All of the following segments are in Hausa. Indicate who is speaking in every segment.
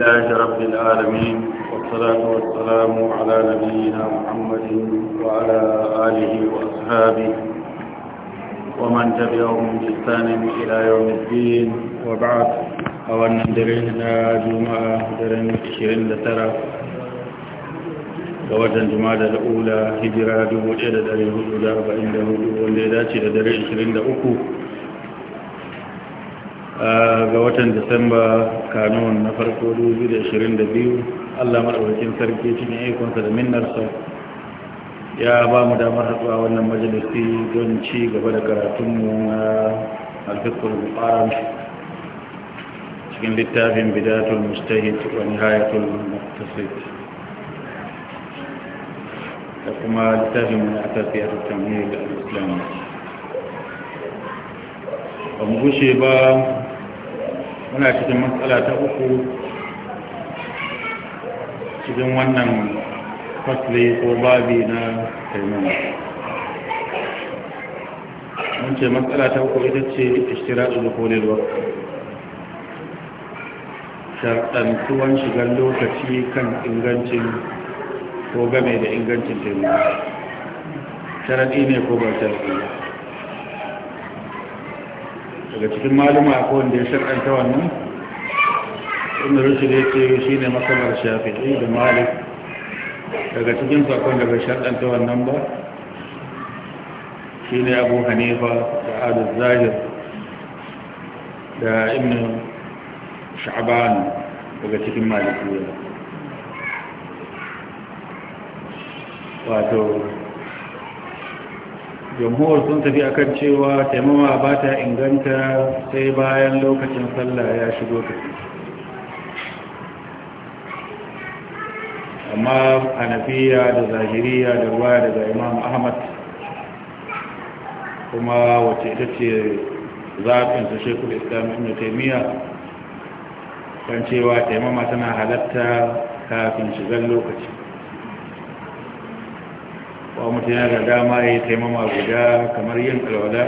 Speaker 1: الله رب العالمين والصلاة والسلام على نبينا محمد وعلى آله وأصحابه ومن تبعهم بإحسان إلى يوم الدين وبعد أولا درينا جمعة درين 29 ga watan jumada da ula hijira 1444 wanda ya dace da dare 23 ga watan disamba kanun na farko 2022 allah maɗaukakin sarki cikin ikonsa da minnarsa ya ba mu damar haɗuwa wannan majalisi don ci gaba da karatunmu na alfikul mufarar cikin littafin bidatul mustahid wa nihayatul muktasid da kuma littafin mu na tafiya da tamhir da al-islam ba mu gushe ba muna cikin matsala ta uku cikin wannan fasli ko babi na taimama mun ce matsala ta uku ita ce ishtira da kolin wakka shigar lokaci kan ingancin ko game da ingancin taimama sharaɗi ne ko ba sharaɗi daga cikin maluma ko wanda ya shar'anta wannan inda rushe da ya ce shi ne masalar shafi'i da malik daga cikin sakon daga shar'anta wannan ba shi ne abu hanifa da adal zahir da ibn sha'ban daga cikin malikiya wato jamhuwar sun tafi a kan cewa taimama ba ta inganta sai bayan lokacin sallah ya shigo ta amma hanafiya da zahiriya da ruwa daga imam ahmad kuma wace ita ce zafinsa shekul islam ibn kan cewa taimama tana halatta kafin shigar lokaci kawo mutum yana da dama ya yi taimama guda kamar yin alwada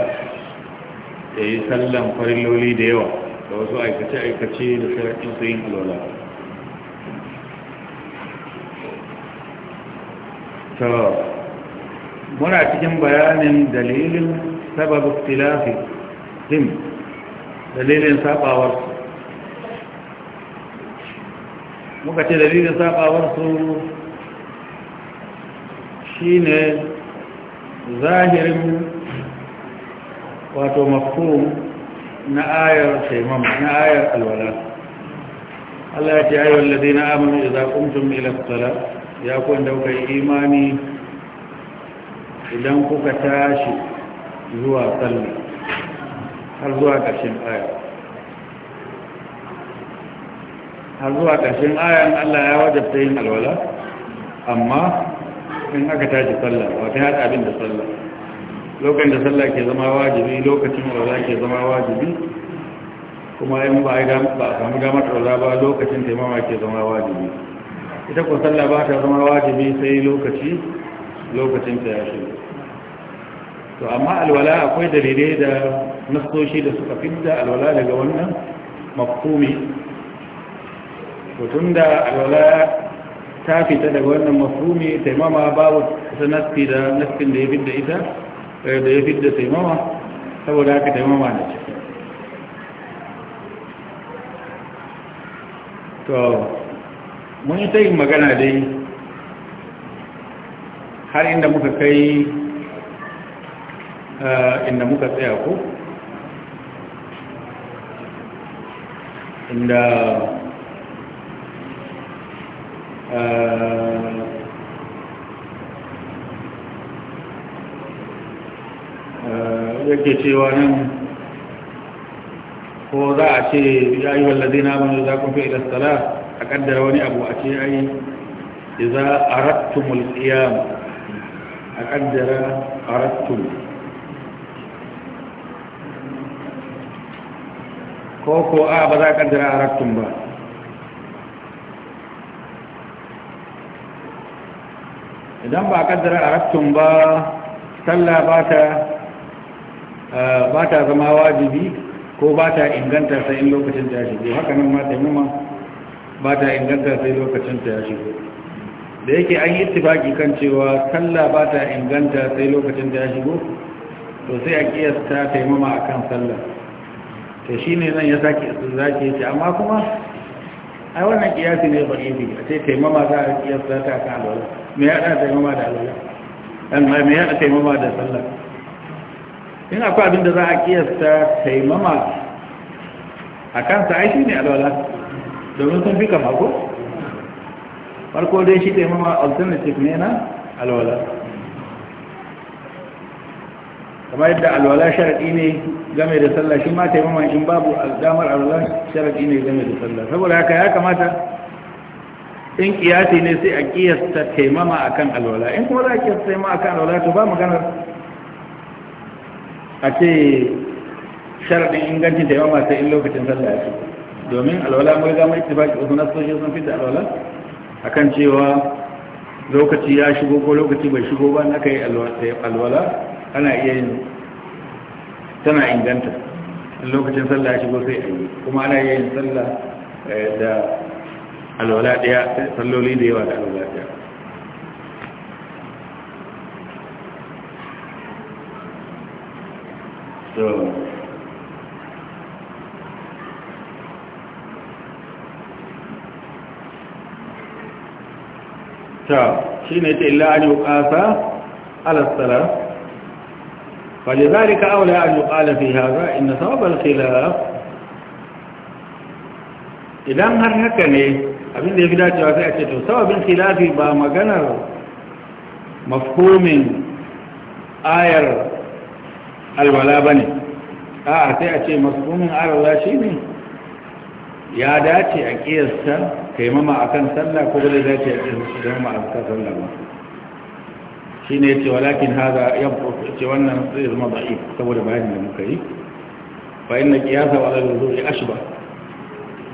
Speaker 1: ya yi sallan farin lauli da yawa da wasu aikace-aikace da sarakin su yin alwada ta muna cikin bayanin dalilin sababin filafi din dalilin sabawar muka ce dalilin su shine zahirin wato mafhum na ayar taimam na ayar alwala Allah ya ce ayyuhal ladina amanu idza qumtum ila salat ya ku wanda kuka yi imani idan kuka tashi zuwa Salli, har zuwa ƙarshen ayar har zuwa ƙarshen ayan Allah ya wajabta yin alwala amma in aka tashi sallah wata haɗa abin da sallah lokacin da sallah ke zama wajibi lokacin rola ke zama wajibi kuma in ba a samu damar rola ba lokacin taimama ke zama wajibi ita ko sallah ba ta zama wajibi sai lokaci lokacin ta ya shiga to amma alwala akwai dalilai da nasoshi da suka fidda alwala daga wannan mafhumi to tunda alwala ta fita daga wannan mafumi taimama babu ta nafi da nafin da ya fidda ita eh, da ya fidda taimama saboda haka taimama da ciki to mun yi ta yin magana dai har inda muka kai eh, inda muka tsaya ko inda yake cewa nan ko za a ce ya yi wallazi na manu za kun fi idan sala a kaddara wani abu a ce ai iza arattumul qiyam a kaddara arattum ko ko a ba za a kaddara arattum ba idan ba kaddara a ba sallah ba ta eh, ba ta zama wajibi ko ba ta inganta sai in lokacin ta ya shigo haka nan ma taimama ba ta inganta sai lokacin ta ya shigo da yake an yi ittifaki kan cewa sallah ba ta inganta sai lokacin ta ya shigo to sai a kiyasta taimama a kan sallah shi ne nan ya sake zaki ce amma kuma ai wannan kiyasi ne bari ne a ce taimama za a kiyasa ta ka alwala me ya da taimama da alwala dan ma me ya da taimama da sallah in akwai abin da za a kiyasta taimama a kansa ai shi ne alwala domin sun fi kama ko farko dai shi taimama alternative ne na alwala kamar yadda alwala sharaɗi ne game da sallah shi ma taimama in babu damar alwala sharaɗi ne game da sallah saboda haka ya kamata in kiyasi ne sai a kiyasta taimama akan alwala in kuma za a kiyasta taimama akan alwala to ba maganar a ce sharaɗin ingancin taimama sai in lokacin sallah ya domin alwala mai gama ki wasu nasoshi sun fi da alwala kan cewa lokaci ya shigo ko lokaci bai shigo ba na kai alwala ana iya yin tana inganta lokacin sallah ya shigo sai a yi kuma ana iya yin sallah eh, da alwala daya salloli da yawa da alwala daya so ta shi ne ta illa an yi ƙasa alasala فلذلك أولى أن يقال في هذا إن ثواب الخلاف Idan har haka ne abin da ya fi dacewa sai a ce to sababin khilafi ba maganar mafhumin ayar albala ba ne a sai a ce mafhumin ayar alwala shi ne ya dace a kiyasta kaimama kan sallah ko da dace a kiyasta kaimama akan sallah ba shi ne ce walakin haza ya ce wannan zai zama ba'i saboda bayanin da muka yi bayan na kiyasa wa ya wudu'i ba.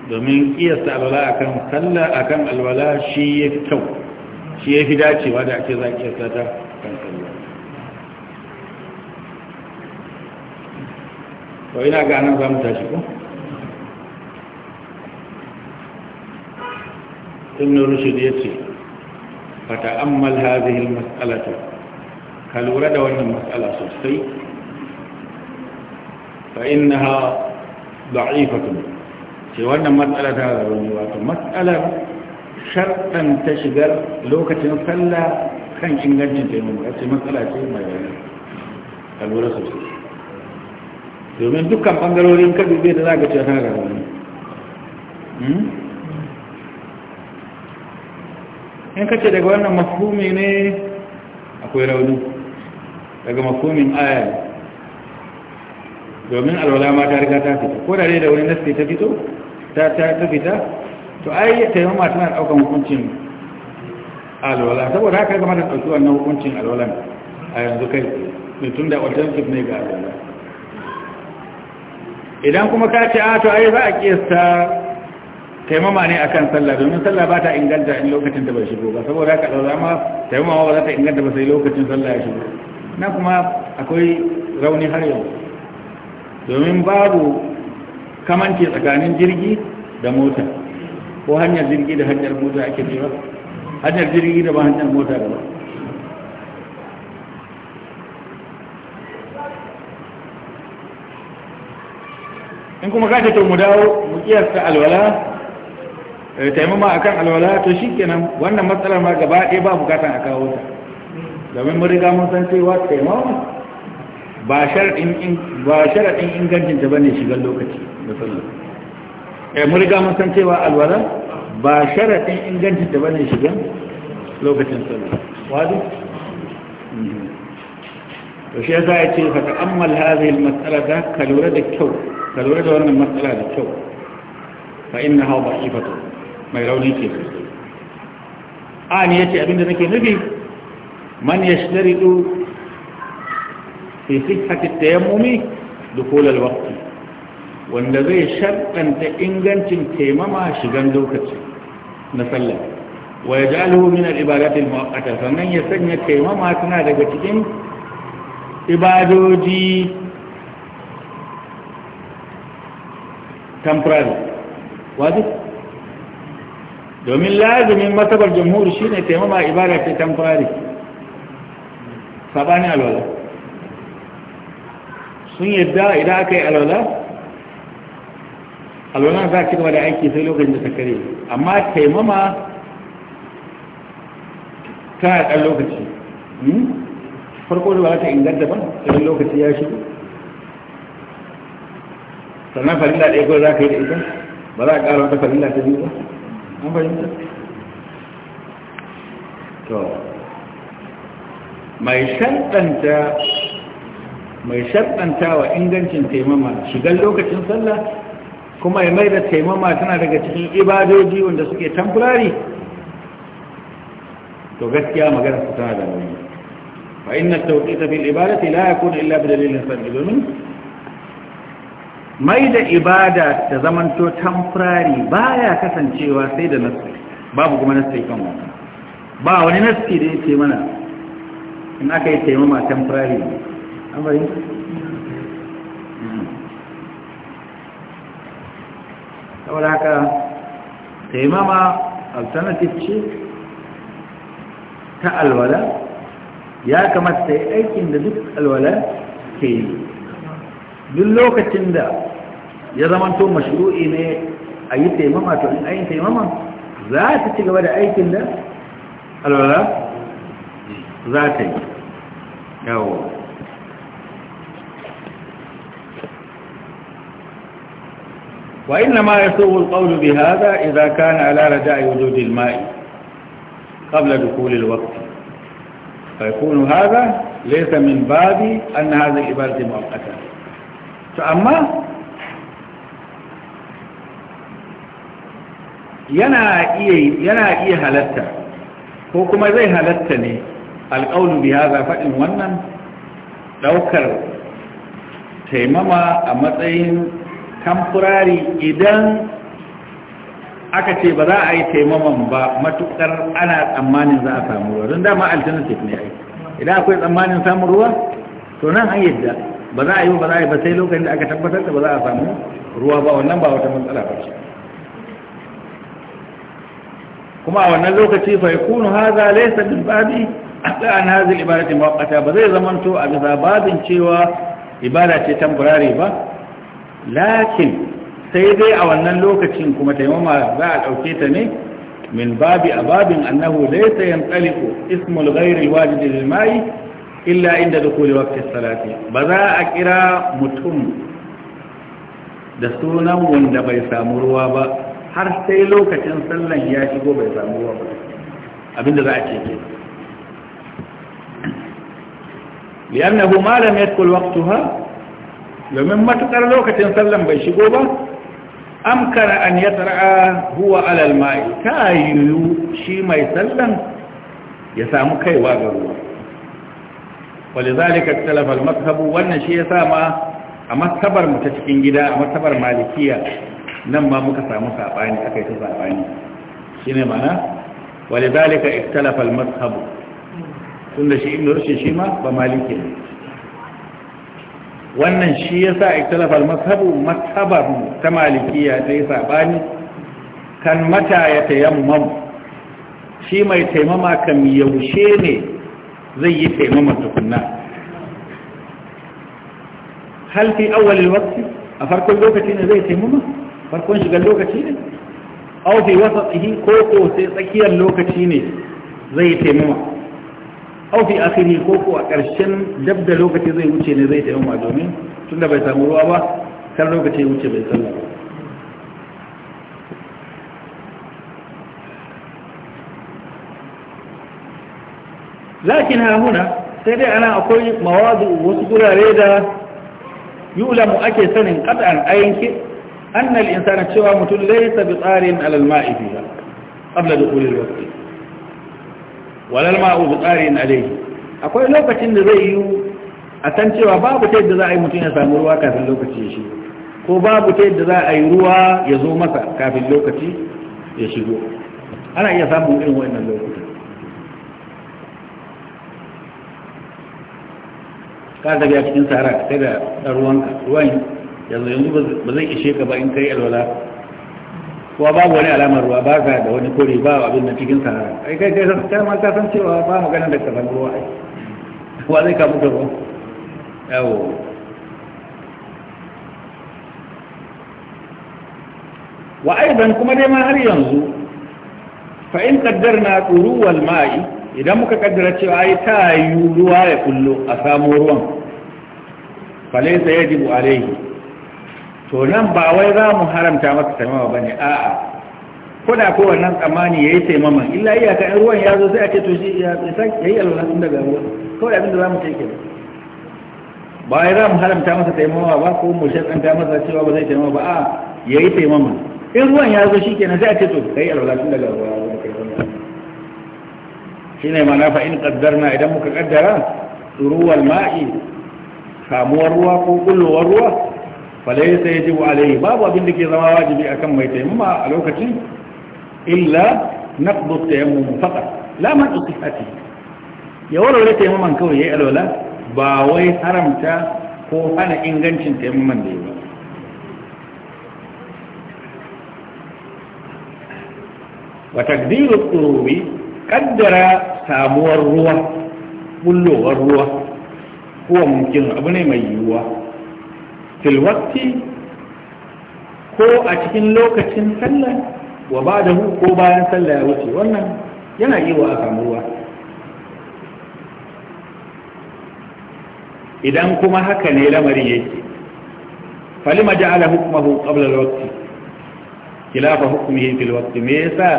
Speaker 1: domin kiyasta alwala a kan sallah a akan alwala shi ya yafi kyau shi ya yafi dacewa da ake za kiyasta ta kan sallah to ina ga nan zamu tashi ko ibn rushd yace fata'ammal hazihil mas'alatu ka lura da wannan matsala sosai Fa'in fa innaha da'ifatun ce wannan matsala ta rauni wato matsalar sharɗan ta shigar lokacin sallah kan ingancin taimako ya ce matsala ce mai rauni ka lura sosai domin dukkan ɓangarorin kaɗu bai da za ka ce ta rauni in kace daga wannan mafhumi ne akwai rauni daga mafhumin aya domin alwalama ma ta riga ta fita ko da dai da wani nasi ta fito ta ta fita to ai mamata na daukan hukuncin alwala saboda haka kamar da dauki wannan hukuncin alwalan a yanzu kai ne tun da alternative ne ga alwala idan kuma ka ce a to ai za a kiyasta taimama ne a kan sallah domin sallah ba ta inganta in lokacin da bai shigo ba saboda haka ɗaura ma taimama ba za ta inganta ba sai lokacin sallah ya shigo na kuma akwai rauni har yau domin babu kamance tsakanin jirgi da mota ko hanyar jirgi da hanyar mota ake cewa hanyar jirgi da ba hanyar mota ba in kuma ka ce to mu dawo mu kiyasta alwala taimama akan alwala to shikenan wannan matsalar ma gaba ɗaya ba bukatan a kawo ta domin mun riga mun san cewa taimama ba sharaɗin ba sharaɗin ingancin ta bane shigar lokaci da eh mun riga mun san cewa alwala ba sharaɗin ingancin ta bane shigar lokacin sallah wadi to shi yasa ya ce fa ta'ammal hadhihi al-mas'alata ka lura da kyau ka lura da wannan matsala da kyau fa innaha da'ifatu mai rauni ke sosai a ne ya ce abinda nake nufi man ya shidaridu fi sihhati da dukul alwaqti wanda zai shaɗanta ingancin taimama shigan lokaci na sallar. wa ya jalo min al-ibadat sannan ya sanya taimama suna daga cikin ibadoji temporary wajibi domin lazumin masabar jamhuri ne taimama ibada ce tamfari sabani alwala sun yadda idan aka yi alwala alwala za a cigaba da aiki sai lokacin da ta kare amma taimama ta ɗan lokaci hmm? farko da ba ta inganta ba sai lokaci ya shigo sannan farin da ɗaya kawai za ka yi da ita ba za a ƙara wata farin da ta biyu ba mun bayyanta to mai shaddanta mai shaddanta wa ingancin taimama shigar lokacin sallah kuma ya mai da taimama tana daga cikin ibadoji wanda suke temporary to gaskiya magana su tana da nauyi fa inna tawqita bil ibadati la yakun illa bi dalilin sarri domin mai da ibada ta zamanto ba baya kasancewa sai da nasu babu kuma nasu kan wata ba wani nasu da yake mana in aka yi taimama tamfurari tamfari.
Speaker 2: an bari hmm.
Speaker 1: saboda haka taimama alternative ce ta alwala ya kamata ta yi aikin da duk alwala ke yi duk lokacin da ya zamanto mashru'i ne a yi taimama to in ayin taimama za ta ci gaba da aikin da alwala za ta yi yawo وإنما يسوغ القول بهذا إذا كان على رجاء وجود الماء قبل دخول الوقت فيكون هذا ليس من باب أن هذه العبادة مؤقتة to amma yana iya yana iya halatta ko kuma zai halatta ne alƙaunu bi haza faɗin wannan ɗaukar taimama a matsayin tamfurari idan aka ce ba za a yi taimaman ba matuƙar ana tsammanin za a samu ruwa don dama alternative ne idan akwai tsammanin samun ruwa to nan an yadda ba za a yi ba za a yi ba sai lokacin da aka tabbatar da ba za a samu ruwa ba wannan ba wata matsala ba ce kuma a wannan lokaci fa yakunu hadha laysa min babi an hadhihi ibadati muwaqqata ba zai zamanto a bisa babin cewa ibada ce temporary ba lakin sai dai a wannan lokacin kuma taimama za a dauke ta ne min babi a babin annahu laysa yanqaliqu ismul ghayri alwajib lil ma'i illa inda dukuli waqtis salati ba za a kira mutum da sunan wanda bai samu ruwa ba har sai lokacin sallan ya shigo bai samu ruwa ba abinda za a ce ke li'annahu ma lam yadkhul waqtaha domin matukar lokacin sallan bai shigo ba amkara an yatra'a huwa alal ma'i ta yiwu shi mai sallan ya samu kaiwa ga ruwa ولذلك اختلف المذهب wannan shi yasa ma a masabar mu ta cikin gida a masabar malikiya nan ma muka samu sabani akai ta sabani shine mana ولذلك اختلف المذهب tunda shi ibn rushd shi ma ba maliki ne wannan shi yasa ikhtilaf al-mazhab mazhabar ta malikiya ta yi sabani kan mata ya tayammam shi mai taimama kan yaushe ne zai yi taimama tukunna hal fi awwalil waqti a farkon lokaci ne zai taimama farkon shigar lokaci ne aw fi wasatihi ko ko sai tsakiyar lokaci ne zai taimama aw fi akhiri ko ko a ƙarshen dab da lokaci zai wuce ne zai taimama domin tunda bai samu ruwa ba kan lokaci wuce bai sallama ba lakin hahuna sai dai ana akwai mawazu wasu gurare da yulamu ake sanin qat'an ayyanki anna al-insana cewa mutum laysa bi tsarin alal ma'i fiha qabla dukhul al walal wala al-ma'u bi tsarin alayhi akwai lokacin da zai yi a san cewa babu ta yadda za a yi mutum ya samu ruwa kafin lokaci ya shigo ko babu ta yadda za a yi ruwa ya zo masa kafin lokaci ya shigo ana iya samun irin wannan lokuta ka tafiya cikin sahara sai da ruwanka ruwan yanzu yanzu ba zai ishe ka ba in kai alwala kuwa babu wani alamar ruwa ba ka da wani kore ba abin da cikin sahara ai kai kai sai ma ka san cewa ba magana da kasan ruwa ai wa zai ka mutu ruwa yawo wa aidan kuma dai ma har yanzu fa in qaddarna turuwal ma'i idan muka kaddara cewa ai ta yi ruwa ya kullo a samu ruwan falaisa yajibu alaihi to nan ba wai za mu haramta masa taimama bane a'a kuna ko wannan tsammani ya yi taimama illa iyaka in ruwan ya zo sai a ce to shi ya yi alwala tun daga ruwa kawai abinda za mu ce ba. ba ya za mu haramta masa taimawa ba ko mu shaɗanta masa cewa ba zai taimawa ba a ya yi taimaman, in ruwan ya zo shi kenan sai a ce to ka yi alwala tun daga ruwa shine mana fa in qaddarna idan muka kaddara turuwal ma'i samuwar ruwa ko kullowar ruwa falaysa yajibu alayhi babu abin da ke zama wajibi akan mai taimama a lokacin illa naqdu tayammum faqat la man usihati ya walwala taimaman kawai yayi alwala ba wai haramta ko hana ingancin taimaman da yayi ba wa takdiru kaddara samuwar ruwa bullowar ruwa kuwa mumkin abu ne mai yiwuwa filwakti ko a cikin lokacin sallah wa ba da hu ko bayan sallah ya wuce wannan yana yi wa a samu ruwa idan kuma haka ne lamarin yake falima ja'ala hukmahu qabla al-waqti khilafa hukmihi fil waqti me yasa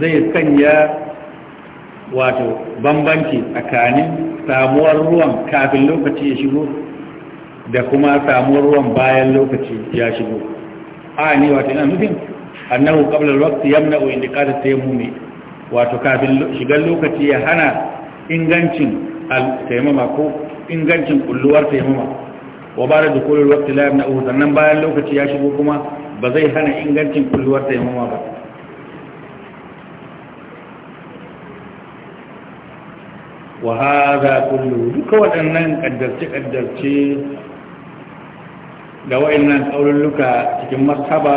Speaker 1: zai sanya wato bambanci tsakanin samuwar ruwan kafin lokaci ya shigo da kuma samuwar ruwan bayan lokaci ya shigo a ne wato yana nufin annahu qabla al-waqt yamna'u indiqat at-tayammum wato kafin shigar lokaci ya hana ingancin al-tayammuma ko ingancin kulluwar tayammuma wa ba'da dukhul al-waqt la yamna'u sannan bayan lokaci ya shigo kuma ba zai hana ingancin kulluwar tayammuma ba wa haza kullu duka waɗannan ƙaddarce-ƙaddarce da waɗannan ƙaurulluka cikin masaba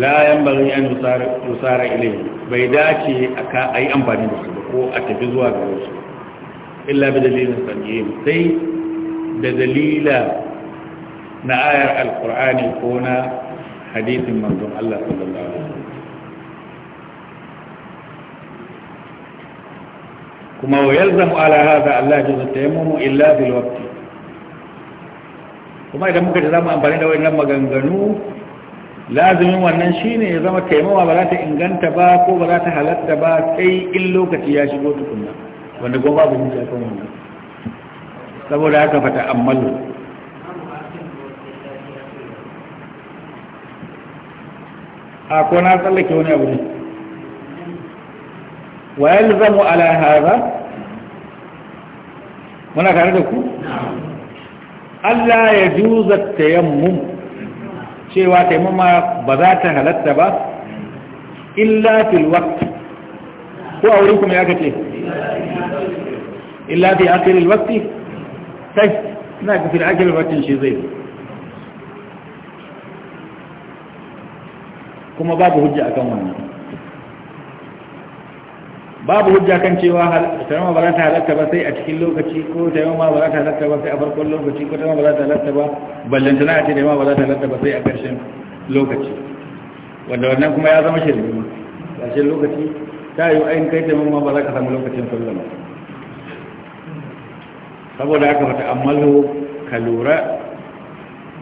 Speaker 1: layan bari an tsara ilai bai dace a yi amfani da su ko a tafi zuwa ga wasu illa bi dalilin sanjiyin sai da dalila na ayar alkur'ani ko na hadisin manzon Allah sallallahu alaihi kuma wa yalzamu ala hadha Allah ya jaza tayammumu illa bil waqt kuma idan muka ta mu amfani da wannan maganganu lazimin wannan shine ya zama taimawa ba za ta inganta ba ko ba za ta halatta ba sai in lokaci ya shigo tukunna wanda goma babu yin kan wannan saboda haka ta ammalu a ko na tsallake wani abu ne wa yalzamu ala hadha muna tare da ku Allah ya juza tayammum cewa taimama ba za ta halatta ba illa fil waqt
Speaker 2: ko a wurin kuma ya kace
Speaker 1: illa fi akhir al waqt sai na shi zai kuma babu hujja akan babu hujja kan cewa tarama ba za ta halatta ba sai a cikin lokaci ko tarama ba za ta halatta ba sai a farkon lokaci ko tarama ba za ta halatta ba ballantana a ce tarama ba za ta halatta ba sai a ƙarshen lokaci wanda wannan kuma ya zama shirme ƙarshen lokaci ta yi ayin kai tarama ba za ka samu lokacin sallah ba saboda haka mata ammalo ka lura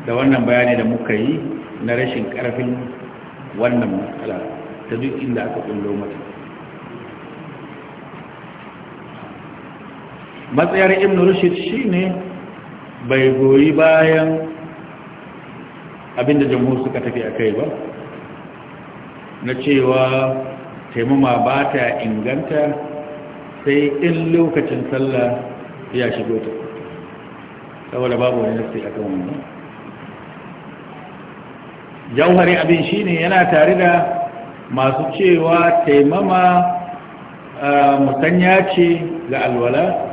Speaker 1: da wannan bayani da muka yi na rashin ƙarfin wannan matsala ta duk inda aka kullo mata matsayar ibn shi shine bai goyi bayan abinda jamhur suka tafi a kai ba na cewa taimama ba ta inganta sai in lokacin sallah ya shigo ta saboda babu wani nasi a kan wani jauhari abin shine yana tare da masu cewa taimama ah, musanya ce ga alwala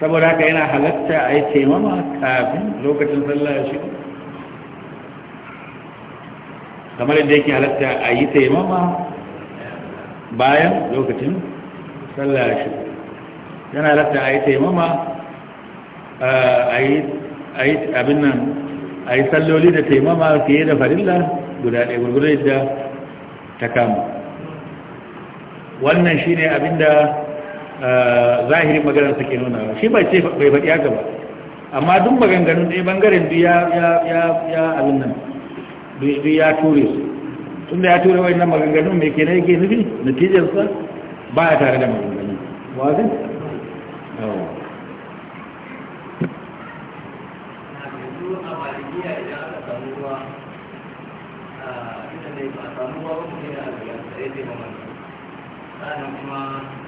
Speaker 1: saboda haka yana halatta a yi taimama kafin lokacin sallah ya shigo kamar yadda yake halatta a yi taimama bayan lokacin sallah ya shigo yana halatta a yi taimama a yi abin nan a yi salloli da taimama fiye da farilla guda ɗaya gurgurai da ta kama wannan shi ne abin da. zahirin maganar suke nuna shi bai ce bai faɗi haka ba amma duk maganganun ɗaya bangaren duk ya abin nan duk ya ture su tun da ya ture wani nan maganganun mai ke na yake nufi natijarsa ba ya tare da maganganu
Speaker 2: wazin Thank you.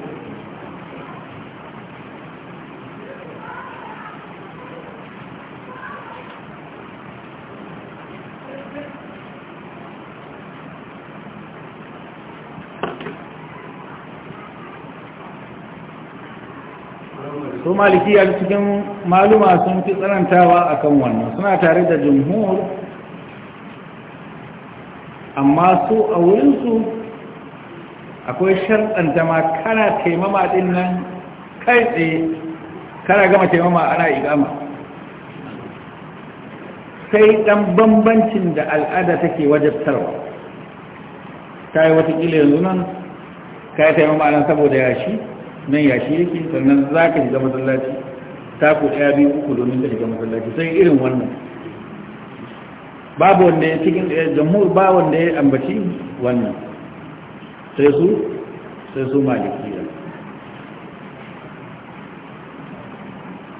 Speaker 1: a cikin maluma sun fi tsanantawa a kan wannan suna tare da jumhur amma su a wurinsu akwai sharɗan jama kana taimama ɗin nan kai tsaye kana gama taimama ana igama sai ɗan bambancin da al'ada take wajabtarwa ta yi watakila yanzu nan ka yi taimama nan saboda yashi nan yashi yake sannan za ka shiga masallaci ku ɗaya biyu uku domin ka shiga masallaci sai irin wannan babu wanda ya cikin eh, jamhur ba wanda ya ambaci wannan sai su sai su maliki.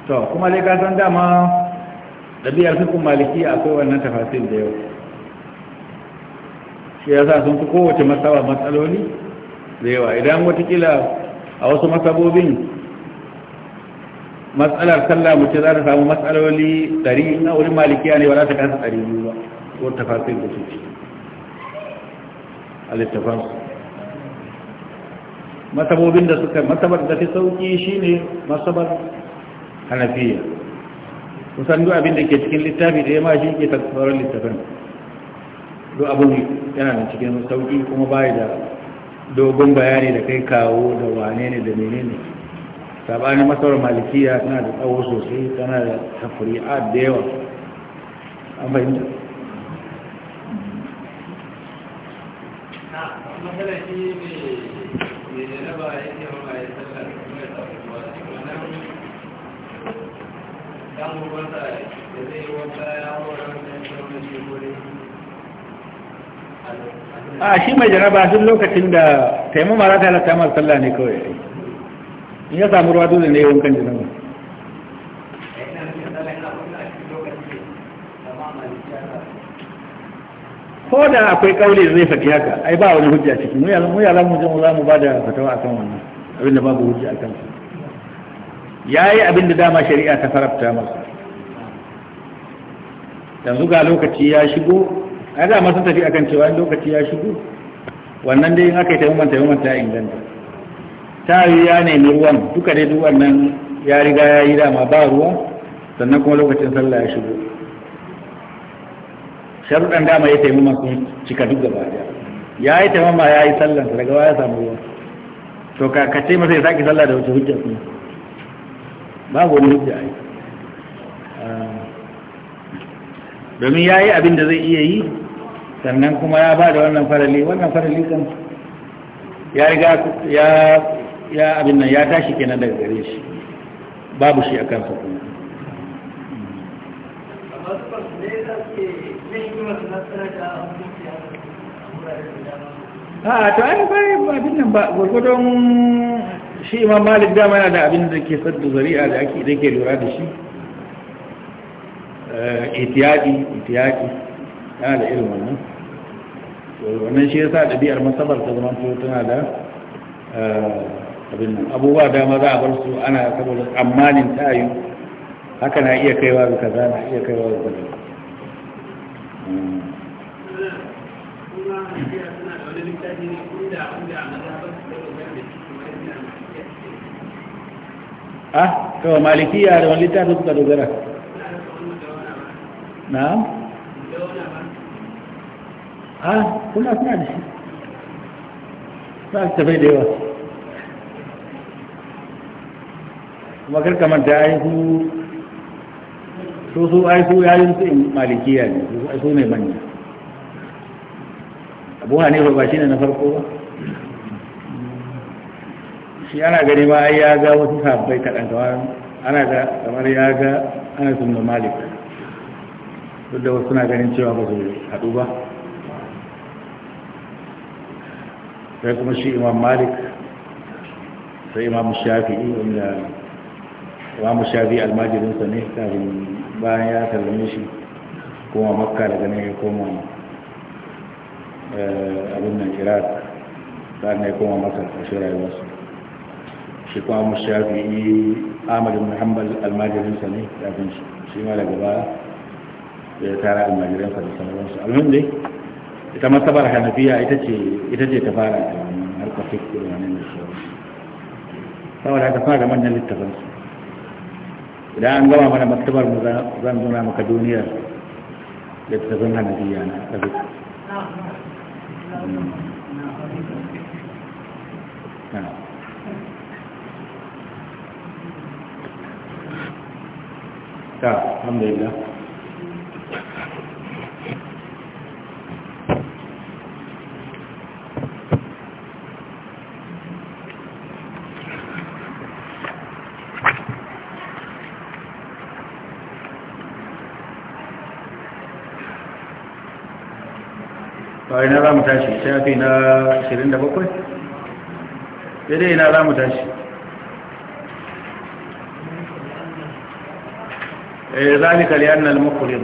Speaker 1: to kuma dai ka san dama ɗabi'ar fikin maliki akwai wannan tafasir da yau shi ya sa sun fi kowace matsawa matsaloli da yawa idan watakila a wasu masabobin matsalar sallah mace za ta samu matsaloli ɗari na wurin malikiya ne ba za ta kasa ɗari biyu ba ko tafasir da su a littafan su masabobin da suka masabar da fi sauƙi shine masabar hanafiya kusan duk abin da ke cikin littafi da ya ma shi ke tattarar littafin duk abin yana da cikin sauƙi kuma baya da dogon bayani da kai kawo da wane ne da menene sabanin masarar malikiya tana da tsawo sosai tana da a da yawa an fahimta
Speaker 2: Thank you. a shi mai jaraba sun lokacin
Speaker 1: da taimama za ta halatta masu tsalla ne kawai in ya samu ruwa dole ne yawan kan janaba ko da akwai kaule zai fati haka ai ba wani hujja ciki mu ya mu yalan mu za mu ba da fatawa akan wannan abin da babu hujja akan su yi abin da dama shari'a ta farabta masu yanzu ga lokaci ya shigo a da masu tafi akan cewa yin lokaci ya shigo wannan dai aka yi taimakon taimakon ta inganta ta yi ya nemi ruwan duka dai duk wannan ya riga ya yi dama ba ruwa sannan kuma lokacin sallah ya shigo sharuɗan dama ya taimama sun cika duk gaba daya ya yi taimama ya yi sallan sa daga ya samu ruwa to ka kace masa ya saki sallah da wuce hujja kuma babu wani hujja ai ah, domin ya yi abin da zai iya yi sannan kuma ya ba da wannan farali wannan farali kan ya riga ya ya abin nan ya tashi kenan daga gare shi babu shi a su kuma a to an bari abin nan ba gwargwadon shi imam malik dama yana da abin da ke saddu zari'a da ake da ke lura da shi eh, itiyadi itiyadi yana da irin wannan wannan shi yasa ɗabi'ar masabar ta zama tana da eh, abin nan abubuwa da maza a bar su ana saboda tsammanin ta yi haka na iya kaiwa ga kaza na iya kaiwa ga kaza hmm. ah kawai malikiya da wani littafi suka dogara na'am a kuna suna da shi suna da tafai da yawa kuma karka manta ya yi su so su ai su ya yi su malikiya ne su ai su ne manya abu hanifa ba shi ne na farko ba shi ana gani ma ai ya ga wasu sabbai kaɗan kamar ana ga kamar ya ga ana sun malik duk da wasu suna ganin cewa ba su haɗu ba sai kuma shi imam malik sai imam shafi'i wanda imam shafi'i almajirinsa ne kafin bayan ya sallame shi kuma makka daga nan ya koma eh, abin nan iraq sannan ya koma masar a shi rayuwarsa shi kuma imam shafi'i ahmad ibn almajirinsa ne kafin shi ma daga baya ya tara almajirinsa da sanarwarsa ita masabar hanafiya ita ce ita ce ta fara da harkar fiƙi da wani da shi saboda haka fara manyan littafin su idan an gama mana maktabar mu zan nuna maka duniyar littafin hanafiya na ɗabi ta alhamdulillah a ina za mu tashi shafi na 27 dai ina za mu tashi ذلك لأن المقرض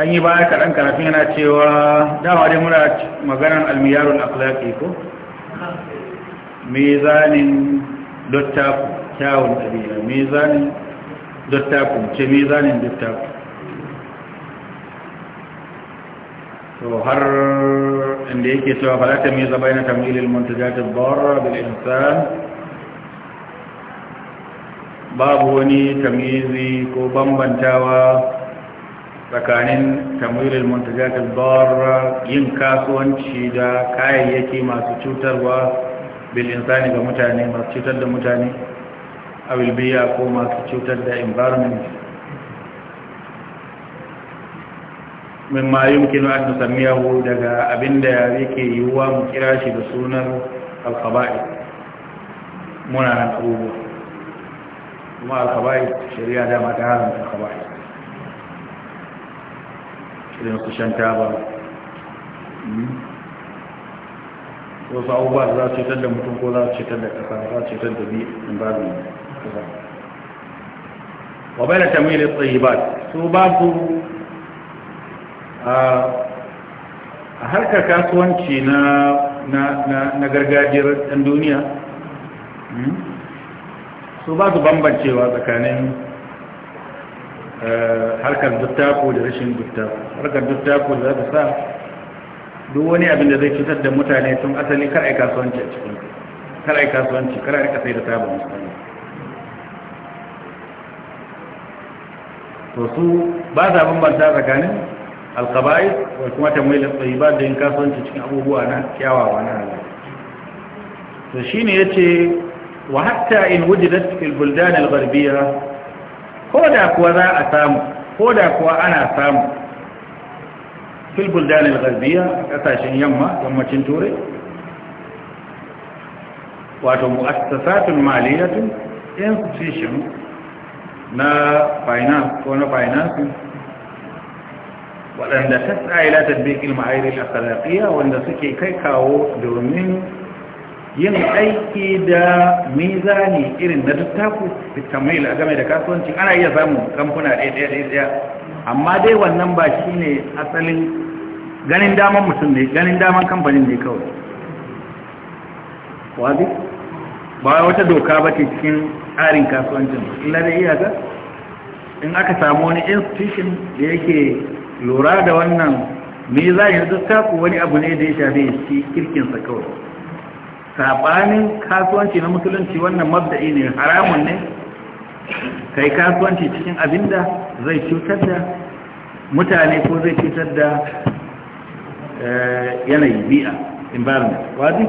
Speaker 1: an yi baya kaɗan karafin yana cewa dama dai muna maganar almiyarun akhlaki ko mizanin dottaku kyawun ɗabi'a zanen dattakun ce zanen dottaku. to har inda yake cewa falata mai zaba yana tamilin montajatin barra bil insan babu wani tamizi ko bambantawa
Speaker 2: tsakanin tamilin montajatin barra yin kasuwanci da kayayyaki masu cutarwa bilinsani
Speaker 1: ga mutane masu cutar da mutane abilbiya ko masu cutar da environment min ma yumkinu an nusammiyahu daga abinda yake yiwuwa mu kira shi da sunan alkaba'i nan abubuwa kuma alkaba'i shari'a dama ta haramta alkaba'i shirin su shan taba wasu abubuwa za su cutar da mutum ko za su cutar da ƙasa za su cutar da biyu environment wa bai da tamilin tsayibat su babu a harkar kasuwanci na gargajiyar ɗan duniya su ba su bambancewa tsakanin harkar duttako da rashin duttako harkar duttako da za ta sa duk wani abin da zai cutar da mutane sun asali kar ai kasuwanci a cikin kar ai kasuwanci kar ai kasai da tabon musamman to su ba sa bambanta tsakanin alkaba'i da kuma tamwilin tsayibar da yin kasuwanci cikin abubuwa na kyawawa na halal to shi ne ya ce wa hatta in wujidat fil buldan al garbiya ko da kuwa za a samu ko da kuwa ana samu fil buldan garbiya gharbiya kasashen yamma yammacin turai wato mu'assasatun maliyatun institution na finance ko na finance waɗanda ta tsayila ta ilma ma'airi a salafiya wanda suke kai kawo domin yin aiki da mizani irin na littafi fitamil a game da kasuwanci ana iya samun kamfuna ɗaya ɗaya ɗaya amma dai wannan ba shi ne asalin ganin daman mutum ne ganin daman kamfanin ne kawai wazi ba wata doka ba ke cikin tsarin kasuwancin illa da ga in aka samu wani institution da yake lura da wannan me za duk zattaku wani abu ne da ya shafi shi kirkinsa kawai saɓanin kasuwanci na musulunci wannan mabda'i ne haramun ne kai kasuwanci cikin abinda da zai cutar da mutane ko zai cutar da eh, yanayi bi'a environment wadi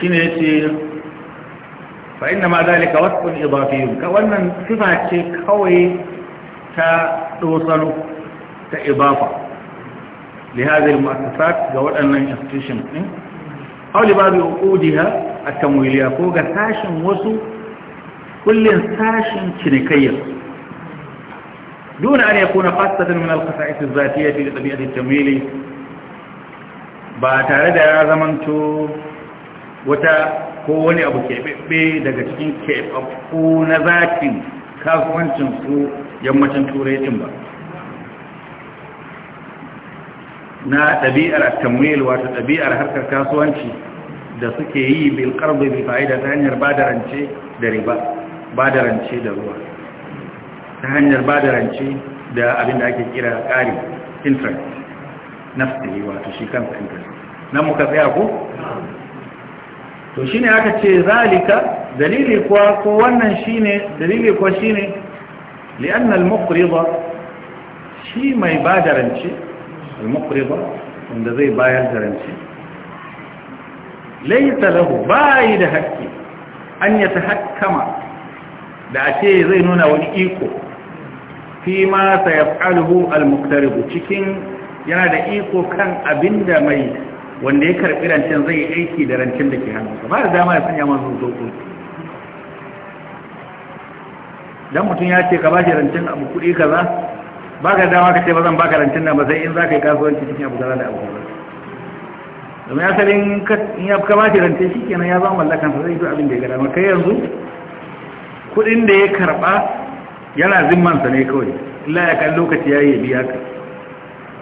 Speaker 1: shi ne ya ce فإنما ذلك وصف إضافي كأن صفة قوي توصل كإضافة لهذه المؤسسات قول أن الانستيشن أو لبعض وقودها التمويلية فوق ساشن وصو كل ساشن شنكية دون أن يكون خاصة من الخصائص الذاتية لطبيعة التمويل ba tare زمن ya ko wani abu keɓe daga cikin keɓaɓɓu na zakin kasuwancin su yammacin turai ɗin ba na ɗabi'ar tamwil wata ɗabi'ar harkar kasuwanci da suke yi bil ƙarfi bi fa'ida ta hanyar badarance da riba badarance da ruwa ta hanyar badarance da abin da ake kira ƙari na nafsi wato shi kansa interest nan muka tsaya ku? to shi ne aka ce zalika dalili kuwa ko wannan shine dalili kuwa shine li'an al-muqrida shi mai ba da rance al-muqrida wanda zai bayar da rance laysa lahu bai da haƙƙi an yatahakkama da ace zai nuna wani iko fi ma sayaf'aluhu al-muqtarib cikin yana da iko kan abinda mai wanda ya karɓi rancen zai yi aiki da rancen da ke hannunsa ba da dama ya sanya masu zoko. don mutum ya ce ka ba shi rancen abu kuɗi kaza ba ka dama ka ce ba zan baka rancen nan ba sai in za ka yi kasuwanci cikin abu kaza da abu kaza domin sani in ya ka ba shi rancen shi kenan ya zama mallakan sa zai yi abin da ya gada kai yanzu kuɗin da ya karɓa yana zimmansa ne kawai illa ya kan lokaci ya yi biya ka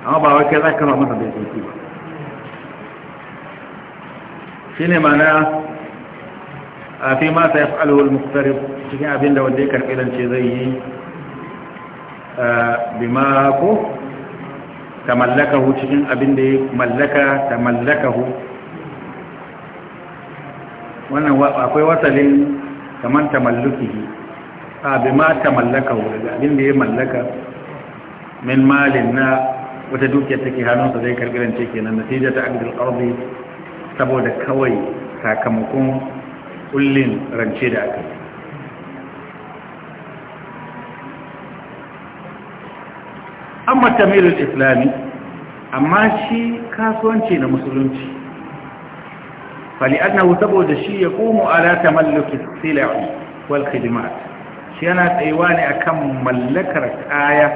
Speaker 1: amma ba wai kai za ka kama masa bai ba ne mana a fi mata ya fa'alu al-muqtarib cikin abin da wanda ya karɓi lance zai yi bima ko ta mallakahu cikin abin da ya mallaka ta mallakahu wannan akwai wasalin kamar ta mallukihi a bima ta mallakahu daga abin da ya mallaka min malin na wata dukiyar take hannunsa zai karɓi lance kenan natija ta agdil ƙarfi saboda kawai sakamakon kullin rance da aka amma tamirul islami amma shi kasuwanci na musulunci fali'annahu saboda shi ya komo ala tamalluki silai wal khidmat shi yana tsayuwa ne kan mallakar kaya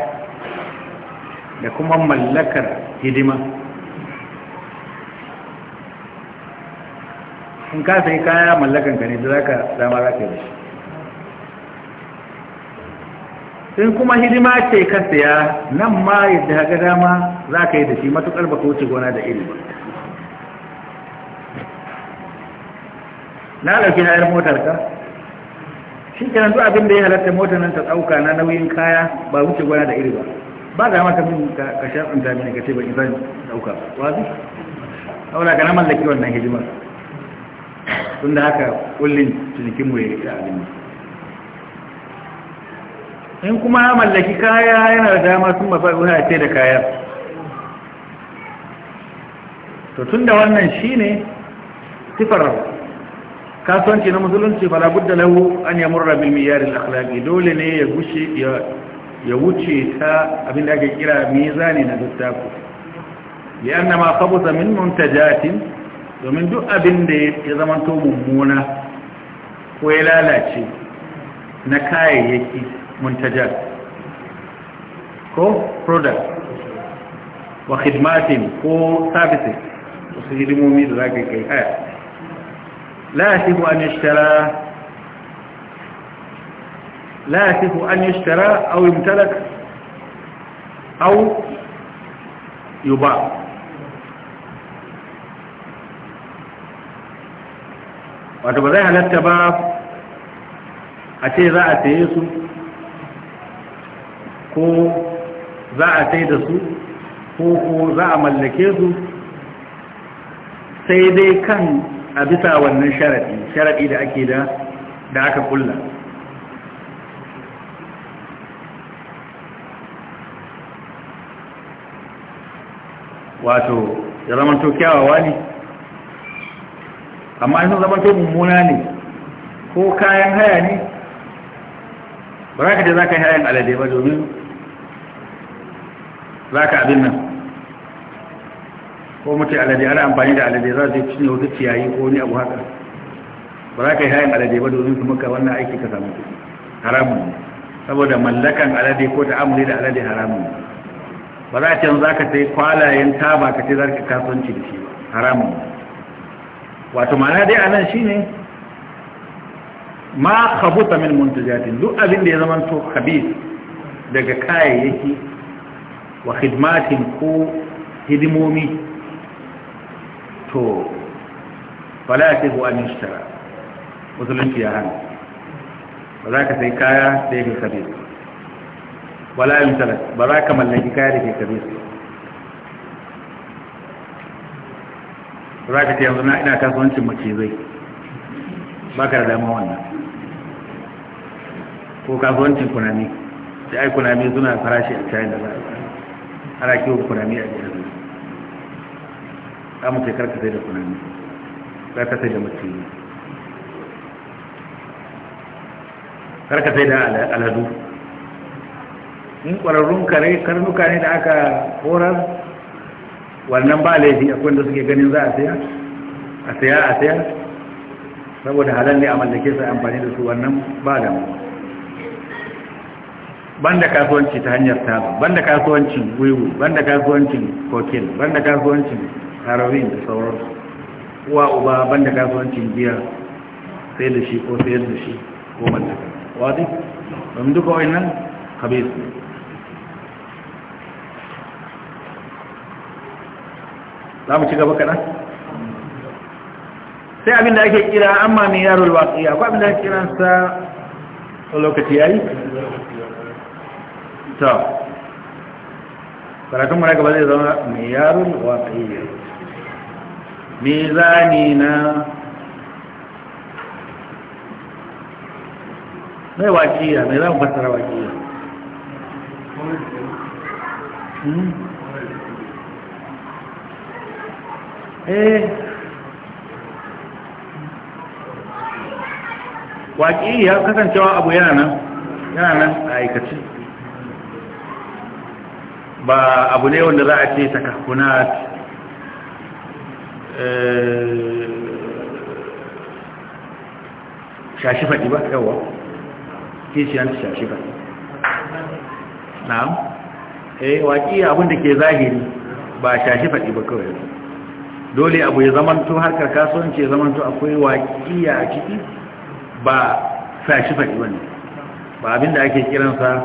Speaker 1: da kuma mallakar hidima in ka sai kaya mallakan ka ne da zaka dama zaka yi shi sai kuma hidima ce ka saya nan ma yadda ga dama zaka yi da shi matukar baka wuce gona da iri ba na dauki hayar motar ka shi kenan duk abin da ya halatta motar nan ta dauka na nauyin kaya ba wuce gona da iri ba ba ma maka min ka shar'anta mini ka ce ba in zan dauka wazi aula ka na mallaki wannan hidimar tun da haka kullum mu ya yi alimi in kuma ya mallaki kaya yana da dama sun mafaɗi a ce da kaya to tun da wannan shi ne kasuwanci na musulunci falabudda lahu an yi murra bil miyarin akhlaqi dole ne ya gushe ya wuce ta abin da ake kira mizani na littafi ya annama khabusa min muntajatin domin duk abin da ya zama to mummuna ko ya lalace na kayayyaki muntajar ko product wa khidmatin ko services ko su hidimomi da za ka kai haya la yasifu an yashtara la yasifu an yashtara au imtalak aw yuba wato ba zai halatta ba a ce za a saye su ko za a sai da su ko ko za a mallake su sai dai kan a bisa wannan sharaɗi sharaɗi da ake da da aka kulla wato ya zama to kyawawa ne amma an sun zama to mummuna ne ko kayan haya ne ba za ka je za ka yi hayan alade ba domin za ka abin nan ko mace alade ana amfani da alade za su cinye wasu ciyayi ko wani abu haka ba za ka yi hayan alade ba domin su maka wannan aiki ka samu haramun ne saboda mallakan alade ko ta'amuli da alade haramun ba za a can za ka sai kwalayen taba ka ce za ka kasuwanci da shi haramun wato ma'ana dai anan shine ma khabuta min muntajatin duk abin da ya zama to khabith daga kayayyaki wa khidmatin ko hidimomi to fala yasihu an yushtara musulunci ya hana ba za ka sai kaya da yake khabith wala yumtala ba za ka mallaki kaya da yake khabith za ka tiyar zuna ina kasuwancin zai. ba ka da dama wannan ko kasuwancin kunami da ai kunami suna farashi a da za ana kiwon kunami a jihar za mu ce karka sai da kunami za ka sai da macizai karka sai da aladu in kwararrun kare karnuka ne da aka horar wannan ba laifi akwai da suke ganin za a saya a saya a saya saboda halal ne a mallake su amfani da su wannan ba da mu banda kasuwanci ta hanyar taba banda kasuwancin wiwu banda kasuwancin kokin banda kasuwancin harawin da sauransu uwa uba banda kasuwancin giya sai da shi ko sayar da shi ko mallaka wadi? domin duka wa'in nan habis za mu ci gaba kana? sai abin da ake kira amma mai yaro waƙiya akwai abin da ake kiransa lokaci ya yi? ta karatun mara gaba zai zama mai yaro waƙiya mizani na mai waƙiya mai zama fasara waƙiya hmm? Eh. waƙi ya kasancewa abu yana nan yana nan a aikace ba abu ne wanda za a ce takakunat eh, shashi faɗi ba yawa kishiyar shashi faɗi na'am eh waƙi abinda ke zahiri ba shashi faɗi ba kawai dole abu ya zamanto harkar kasuwanci ya zamanto akwai waƙiya a ciki ba sashi faɗi wani ba abinda ake kiransa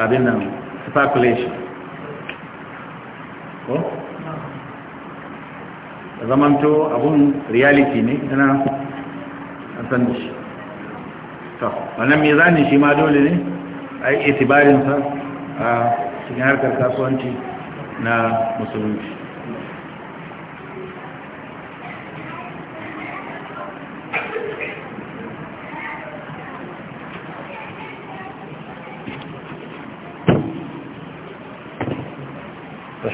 Speaker 1: abin nan speculation ko? ya zamanto abun reality ne yana san da shi to wannan mizanin shi ma dole ne a yi itibarinsa a cikin harkar kasuwanci na musulunci